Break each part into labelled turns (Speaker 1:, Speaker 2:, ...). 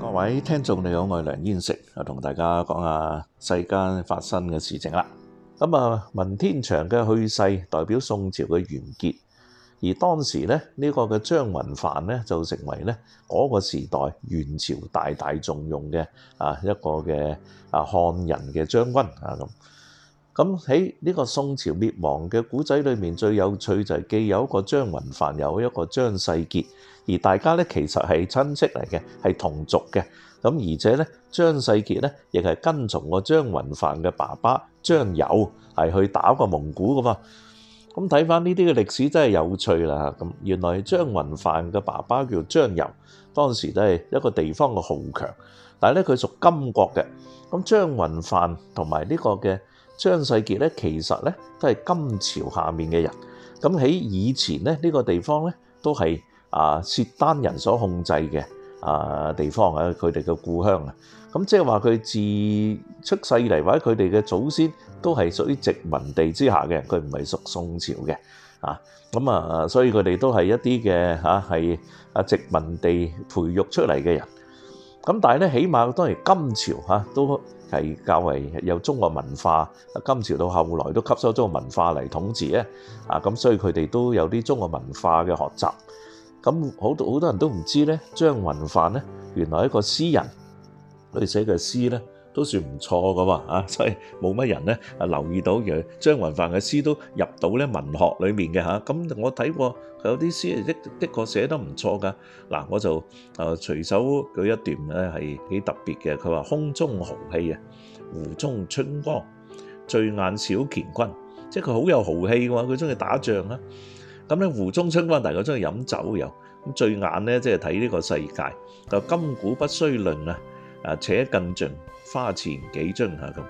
Speaker 1: 各位聽眾你好，我係梁燕城，啊，同大家講下世間發生嘅事情啦。咁啊，文天祥嘅去世代表宋朝嘅完結，而當時咧呢、這個嘅張雲帆咧就成為咧嗰、那個時代元朝大大重用嘅啊一個嘅啊漢人嘅將軍啊咁。咁喺呢個宋朝滅亡嘅故仔裏面，最有趣就係既有一個張雲帆，又有一個張世傑，而大家呢，其實係親戚嚟嘅，係同族嘅。咁而且呢，張世傑呢，亦係跟從過張雲帆嘅爸爸張友係去打過蒙古㗎嘛。咁睇返呢啲嘅歷史真係有趣啦。咁原來張雲帆嘅爸爸叫張友，當時都係一個地方嘅豪強，但係呢佢屬金國嘅。咁張雲帆同埋呢個嘅。張世傑咧，其實咧都係金朝下面嘅人。咁喺以前咧，呢個地方咧都係啊，契丹人所控制嘅啊地方啊，佢哋嘅故鄉啊。咁即係話佢自出世嚟或者佢哋嘅祖先都係屬於殖民地之下嘅人，佢唔係屬宋朝嘅啊。咁啊，所以佢哋都係一啲嘅嚇係啊殖民地培育出嚟嘅人。咁但係咧，起碼當然金朝嚇都。係較為有中國文化，金朝到後來都吸收咗中國文化嚟統治啊，咁所以佢哋都有啲中國文化嘅學習，咁好多人都唔知道張雲帆原來一個詩人，佢寫嘅詩咧。都算唔錯噶嘛嚇，所以冇乜人咧啊留意到，原來張雲帆嘅詩都入到咧文學裏面嘅嚇。咁我睇過佢有啲詩啊的的確寫得唔錯噶。嗱，我就啊隨手舉一段咧係幾特別嘅。佢話：空中豪氣啊，湖中春光醉眼小乾坤，即係佢好有豪氣嘅喎。佢中意打仗啊。咁咧湖中春光，大家中意飲酒又咁醉眼咧，即係睇呢個世界。就今古不須論啊，啊且更盡。花前幾樽嚇咁，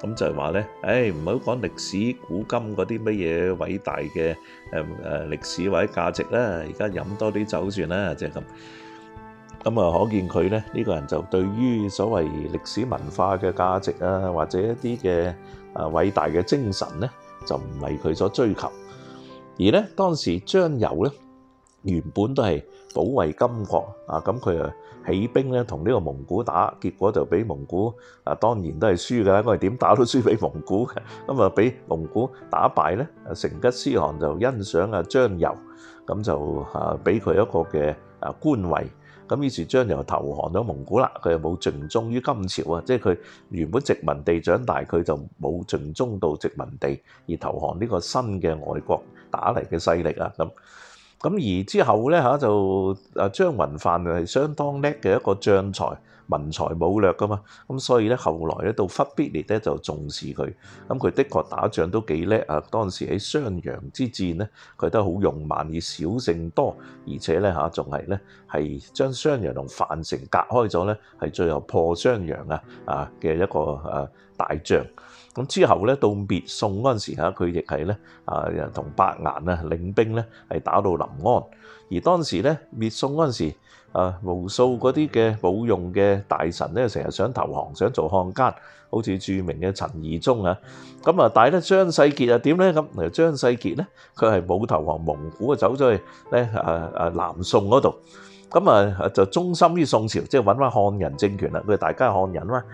Speaker 1: 咁就係話咧，誒唔好講歷史古今嗰啲乜嘢偉大嘅誒誒歷史或者價值啦，而家飲多啲酒算啦，就係、是、咁。咁啊，可見佢咧呢、這個人就對於所謂歷史文化嘅價值啊，或者一啲嘅啊偉大嘅精神咧，就唔係佢所追求。而咧當時張柔咧原本都係保衛金國啊，咁佢啊。起兵咧，同呢個蒙古打，結果就俾蒙古啊，當然都係輸㗎。我哋點打都輸俾蒙古嘅。咁啊，俾蒙古打敗咧，成吉思汗就欣賞啊張柔，咁就啊俾佢一個嘅啊官位。咁於是張柔投降咗蒙古啦。佢又冇盡忠於金朝啊，即係佢原本殖民地長大，佢就冇盡忠到殖民地，而投降呢個新嘅外國打嚟嘅勢力啊咁。咁而之後咧嚇就啊張雲範係相當叻嘅一個將才、文才、武略噶嘛，咁所以咧，後來咧到忽必烈咧就重視佢，咁佢的確打仗都幾叻啊！當時喺襄陽之戰咧，佢都好勇猛，以少勝多，而且咧嚇仲係咧係將襄陽同樊城隔開咗咧，係最後破襄陽啊啊嘅一個啊！大將咁之後咧，到滅宋嗰陣時嚇，佢亦係咧啊，同伯顏啊領兵咧，係打到臨安。而當時咧滅宋嗰陣時，啊無數嗰啲嘅冇用嘅大臣咧，成日想投降，想做漢奸，好似著名嘅陳宜中啊。咁啊，但係咧張世傑又點咧咁？原來張世傑咧，佢係冇投降蒙古啊，走咗去咧啊啊南宋嗰度。咁啊就忠心於宋朝，即係揾翻漢人政權啦。佢哋大家漢人嘛。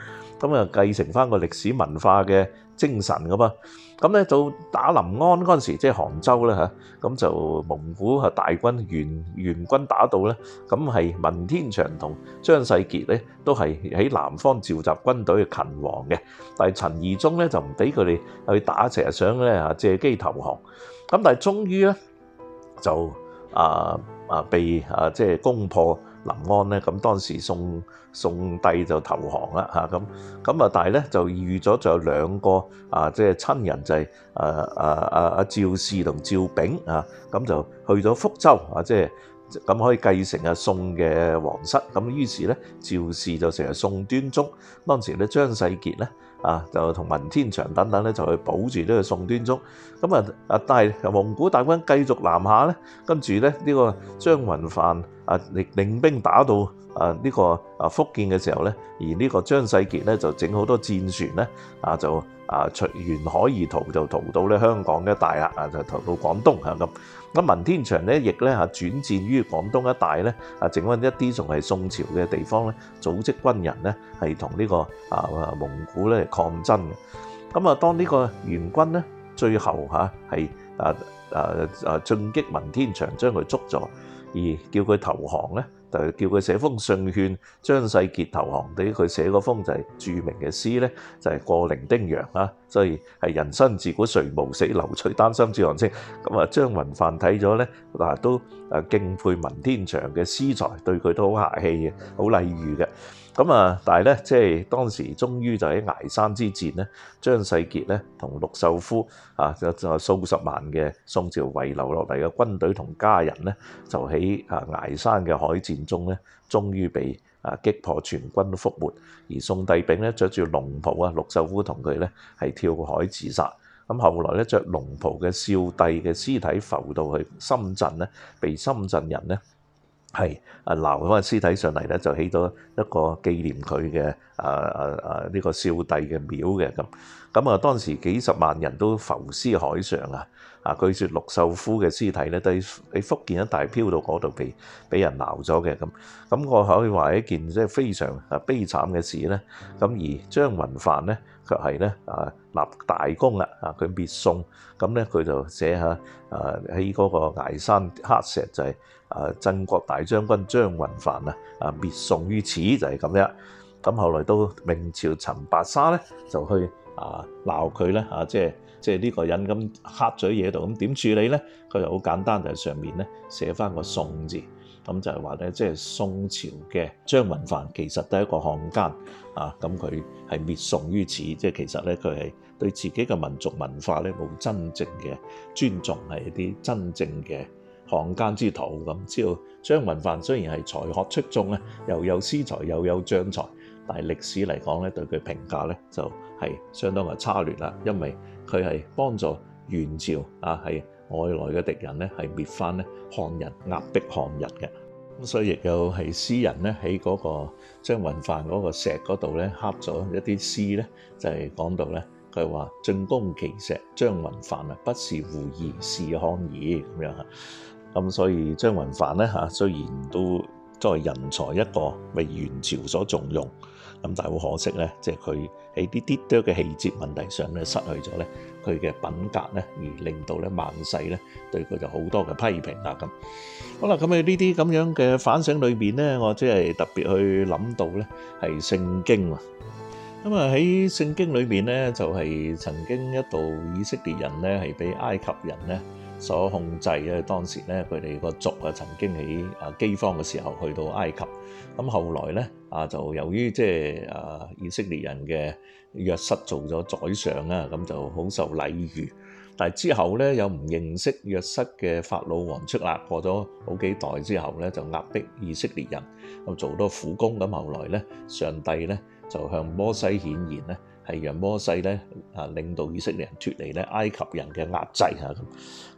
Speaker 1: 咁啊，繼承翻個歷史文化嘅精神㗎嘛！咁咧就打臨安嗰陣時，即係杭州咧嚇，咁就蒙古係大軍元元軍打到咧，咁係文天祥同張世傑咧都係喺南方召集軍隊去勤王嘅，但係陳宜中咧就唔俾佢哋去打，成日想咧嚇借機投降，咁但係終於咧就啊啊被啊即係攻破。臨安咧，咁當時宋宋帝就投降啦嚇，咁咁啊，但係咧就預咗就有兩個啊，即係親人就係、是、啊啊趙氏同趙昺啊，咁就去咗福州啊，即係咁可以繼承啊宋嘅皇室，咁於是咧趙氏就成日宋端宗。當時咧張世傑咧啊，就同文天祥等等咧就去保住呢個宋端宗。咁啊啊，但係蒙古大軍繼續南下咧，跟住咧呢個張雲凡啊領兵打到啊呢個啊福建嘅時候咧，而呢個張世傑咧就整好多戰船咧啊就啊隨沿海而逃，就逃到咧香港嘅大亞啊，就逃到廣東咁。文天祥咧，亦咧嚇轉戰於廣東一帶咧，啊，剩翻一啲仲係宋朝嘅地方咧，組織軍人咧，係同呢個啊蒙古咧抗爭嘅。咁啊，當呢個元軍咧最後嚇係啊啊啊進擊文天祥，將佢捉咗，而叫佢投降咧。就叫佢寫封信勸張世傑投降，俾佢寫嗰封就係著名嘅詩咧，就係《過零丁洋》啊，所以係人生自古誰無死，留取丹心照汗青。咁啊，張雲帆睇咗咧，嗱都誒敬佩文天祥嘅詩才，對佢都好客氣嘅，好禮遇嘅。咁啊，但係咧，即係當時終於就喺崖山之戰咧，張世傑咧同陸秀夫啊，就數十萬嘅宋朝遺留落嚟嘅軍隊同家人咧，就喺啊崖山嘅海戰。中咧，終於被啊擊破，全軍覆沒。而宋帝昺咧著住龍袍啊，陸秀夫同佢咧係跳海自殺。咁後來咧著龍袍嘅少帝嘅屍體浮到去深圳咧，被深圳人咧係啊撈咗個屍體上嚟咧，就起咗一個紀念佢嘅啊啊啊呢個少帝嘅廟嘅咁。咁啊，當時幾十萬人都浮屍海上啊！啊！據說陸秀夫嘅屍體咧，都喺福建一大漂到嗰度被俾人撈咗嘅咁。咁我可以話一件即係非常啊悲慘嘅事咧。咁而張雲帆咧，卻係咧啊立大功啦！啊佢滅宋，咁咧佢就寫下啊喺嗰個崖山黑石就係啊鎮國大將軍張雲帆啊啊滅宋於此就係、是、咁樣。咁後來到明朝陳白沙咧就去啊鬧佢咧嚇即係，即係呢個人咁黑咗嘢度，咁點處理呢？佢就好簡單，就係、是、上面咧寫翻個宋字，咁就係話咧，即係宋朝嘅張文範其實都係一個漢奸啊！咁佢係滅宋於此，即係其實咧佢係對自己嘅民族文化咧冇真正嘅尊重，係一啲真正嘅漢奸之徒咁。之後張文範雖然係才學出眾啊，又有詩才又有將才，但係歷史嚟講咧對佢評價咧就係、是、相當係差劣啦，因為，佢係幫助元朝啊，係外來嘅敵人咧，係滅翻咧漢人壓迫漢人嘅。咁所以亦有係詩人咧喺嗰個張雲帆嗰個石嗰度咧刻咗一啲詩咧，就係、是、講到咧，佢話進攻其石張雲帆啊，不是胡兒是漢兒咁樣啊。咁所以張雲帆咧嚇，雖然都作為人才一個，為元朝所重用。咁但係好可惜咧，即係佢喺啲啲多嘅氣節問題上咧，失去咗咧佢嘅品格咧，而令到咧萬世咧對佢就好多嘅批評啊咁。好啦，咁喺呢啲咁樣嘅反省裏邊咧，我即係特別去諗到咧係聖經啊。咁啊喺聖經裏邊咧，就係曾經一度以色列人咧係畀埃及人咧。所控制咧，當時咧，佢哋個族啊，曾經喺啊饑荒嘅時候去到埃及，咁、嗯、後來咧、就是，啊就由於即係啊以色列人嘅約瑟做咗宰相啊，咁、嗯、就好受禮遇，但係之後咧有唔認識約瑟嘅法老王出嚟，過咗好幾代之後咧，就壓逼以色列人，又做多苦工，咁、嗯、後來咧，上帝咧就向摩西顯現咧。係讓摩西咧啊，領導以色列人脫離咧埃及人嘅壓制嚇咁。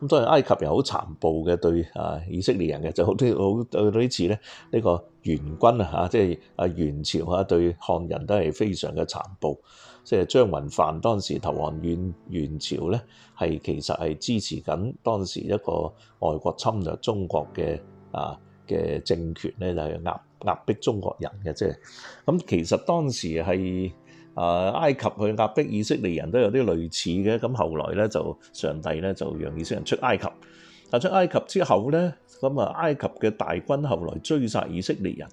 Speaker 1: 咁當然埃及人好殘暴嘅對啊以色列人嘅，就好似好對呢次咧呢個元軍啊嚇，即係啊元朝嚇對漢人都係非常嘅殘暴。即係張雲帆當時投降元元朝咧，係其實係支持緊當時一個外國侵略中國嘅啊嘅政權咧，就係、是、壓壓迫中國人嘅即係。咁、啊、其實當時係。啊！埃及去壓迫以色列人都有啲類似嘅，咁後來咧就上帝咧就讓以色列人出埃及。但出埃及之後咧，咁啊埃及嘅大軍後來追殺以色列人，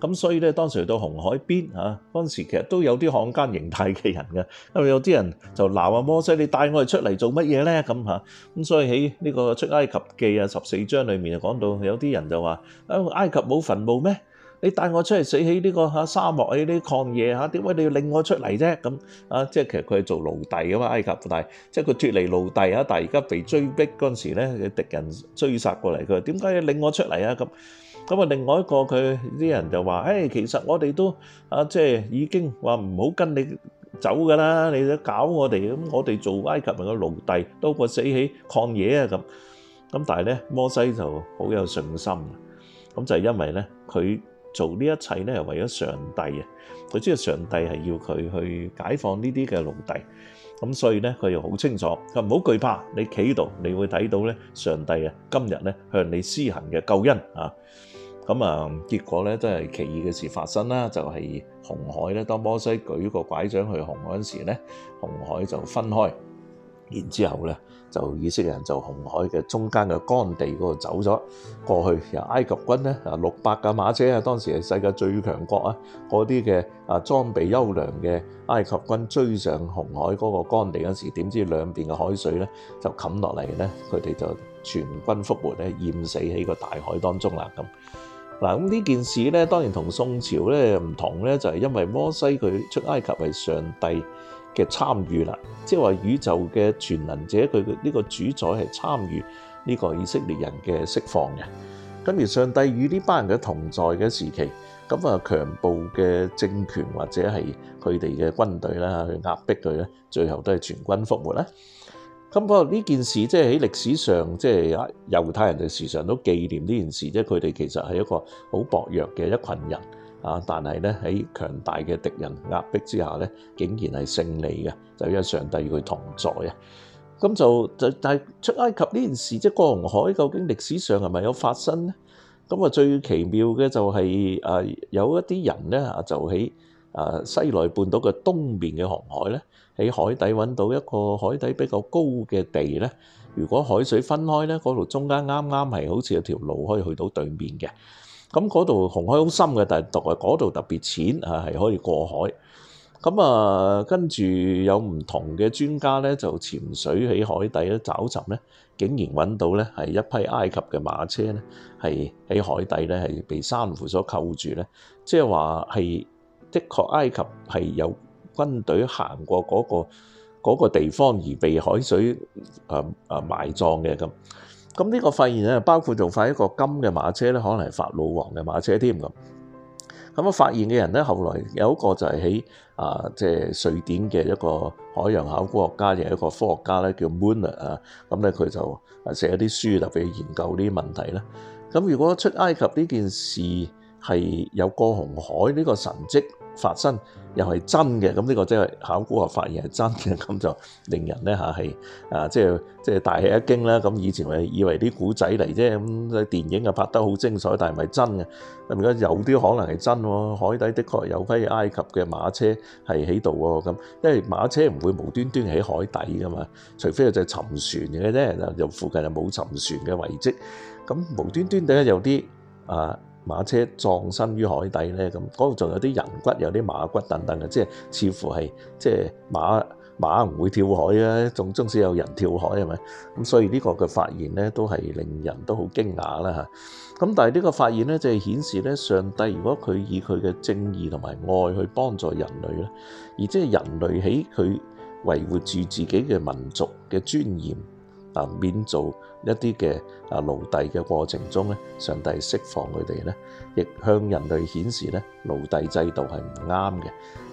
Speaker 1: 咁所以咧當時去到紅海邊啊，當時其實都有啲漢奸形態嘅人嘅，因為有啲人就鬧啊摩西，你帶我哋出嚟做乜嘢咧？咁嚇咁所以喺呢個出埃及記啊十四章裏面就講到有啲人就話：啊埃及冇墳墓咩？你帶我出嚟死喺呢個嚇沙漠喺啲曠野嚇，點解你要領我出嚟啫？咁啊，即係其實佢係做奴隸噶嘛，埃及奴隸，即係佢脫離奴隸啊，但係而家被追逼嗰陣時咧，嘅敵人追殺過嚟，佢話點解要領我出嚟啊？咁咁啊，另外一個佢啲人就話：誒，其實我哋都啊，即係已經話唔好跟你走㗎啦，你都搞我哋咁，我哋做埃及人嘅奴隸多過死喺曠野啊咁。咁但係咧，摩西就好有信心，咁就係因為咧佢。做呢一切咧，係為咗上帝啊！佢知道上帝係要佢去解放呢啲嘅奴隸，咁所以咧，佢又好清楚，佢唔好懼怕。你企喺度，你會睇到咧，上帝啊，今日咧向你施行嘅救恩啊！咁啊，結果咧都係奇異嘅事發生啦，就係紅海咧。當摩西舉個拐杖去紅海時咧，紅海就分開。然之後咧，就以色列人就紅海嘅中間嘅乾地嗰度走咗過去。由埃及軍咧啊，六百架馬車啊，當時係世界最強國啊，嗰啲嘅啊裝備優良嘅埃及軍追上紅海嗰個乾地嗰時，點知兩邊嘅海水咧就冚落嚟咧，佢哋就全軍覆沒，咧，淹死喺個大海當中啦咁。嗱，咁呢件事咧，當然同宋朝咧唔同咧，就係因為摩西佢出埃及為上帝嘅參與啦，即係話宇宙嘅全能者佢嘅呢個主宰係參與呢個以色列人嘅釋放嘅。咁而上帝與呢班人嘅同在嘅時期，咁啊強暴嘅政權或者係佢哋嘅軍隊啦，去壓迫佢咧，最後都係全軍覆沒啦。咁不過呢件事即係喺歷史上，即係猶太人就時常都紀念呢件事，即係佢哋其實係一個好薄弱嘅一群人。啊！但係咧喺強大嘅敵人壓迫之下咧，竟然係勝利嘅，就因為上帝與佢同在啊！咁就就但係出埃及呢件事，即係過紅海究竟歷史上係咪有發生咧？咁啊，最奇妙嘅就係、是、啊，有一啲人咧啊，就喺啊西奈半島嘅東面嘅紅海咧，喺海底揾到一個海底比較高嘅地咧。如果海水分開咧，嗰度中間啱啱係好似有條路可以去到對面嘅。咁嗰度紅海好深嘅，但係獨係嗰度特別淺，係可以過海。咁啊，跟住有唔同嘅專家咧，就潛水喺海底咧找尋咧，竟然揾到咧係一批埃及嘅馬車咧，係喺海底咧係被珊瑚所扣住咧。即係話係的確埃及係有軍隊行過嗰個嗰個地方而被海水誒誒埋葬嘅咁。咁呢個發現包括仲發現一個金嘅馬車咧，可能係法老王嘅馬車添咁。咁啊，發現嘅人咧，後來有一個就係喺啊，即係瑞典嘅一個海洋考古學家，亦係一個科學家咧，叫 Moon 啊。咁咧，佢就寫一啲書，特別研究呢啲問題咧。咁如果出埃及呢件事係有過紅海呢個神跡，發生又係真嘅，咁、這、呢個即係考古學發現係真嘅，咁就令人咧嚇係啊，即係即係大吃一驚啦！咁以前係以為啲古仔嚟啫，咁啲電影啊拍得好精彩，但係咪真嘅？而家有啲可能係真喎，海底的確有批埃及嘅馬車係喺度喎，咁因為馬車唔會無端端喺海底㗎嘛，除非有隻沉船嘅啫，就附近又冇沉船嘅遺跡，咁無端端地有啲啊～馬車葬身於海底咧，咁嗰度仲有啲人骨、有啲馬骨等等嘅，即係似乎係即係馬馬唔會跳海啊，仲至少有人跳海係咪？咁所以呢個嘅發現咧，都係令人都好驚訝啦嚇。咁但係呢個發現咧，就係顯示咧，上帝如果佢以佢嘅正義同埋愛去幫助人類咧，而即係人類喺佢維護住自己嘅民族嘅尊嚴啊，免做一啲嘅啊奴隸嘅過程中咧，上帝釋放佢哋咧，亦向人類顯示咧奴隸制度係唔啱嘅。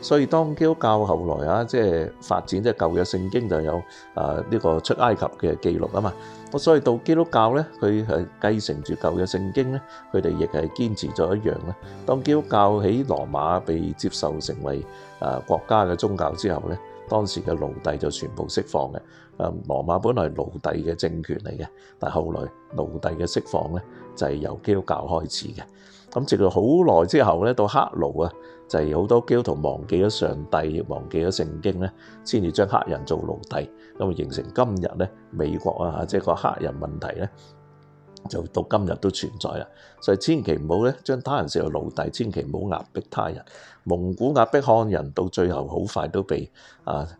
Speaker 1: 所以當基督教後來啊，即係發展即係舊約聖經就有啊呢個出埃及嘅記錄啊嘛。咁所以到基督教咧，佢係繼承住舊約聖經咧，佢哋亦係堅持咗一樣咧。當基督教喺羅馬被接受成為啊國家嘅宗教之後咧，當時嘅奴隸就全部釋放嘅。誒羅馬本來係奴隸嘅政權嚟嘅，但係後來奴隸嘅釋放呢，就係由基督教開始嘅。咁直到好耐之後咧，到黑奴啊，就係好多基督徒忘記咗上帝，忘記咗聖經咧，先至將黑人做奴隸，咁啊形成今日呢，美國啊，即係個黑人問題呢，就到今日都存在啦。所以千祈唔好咧，將他人視為奴隸，千祈唔好壓迫他人。蒙古壓迫漢人，到最後好快都被啊～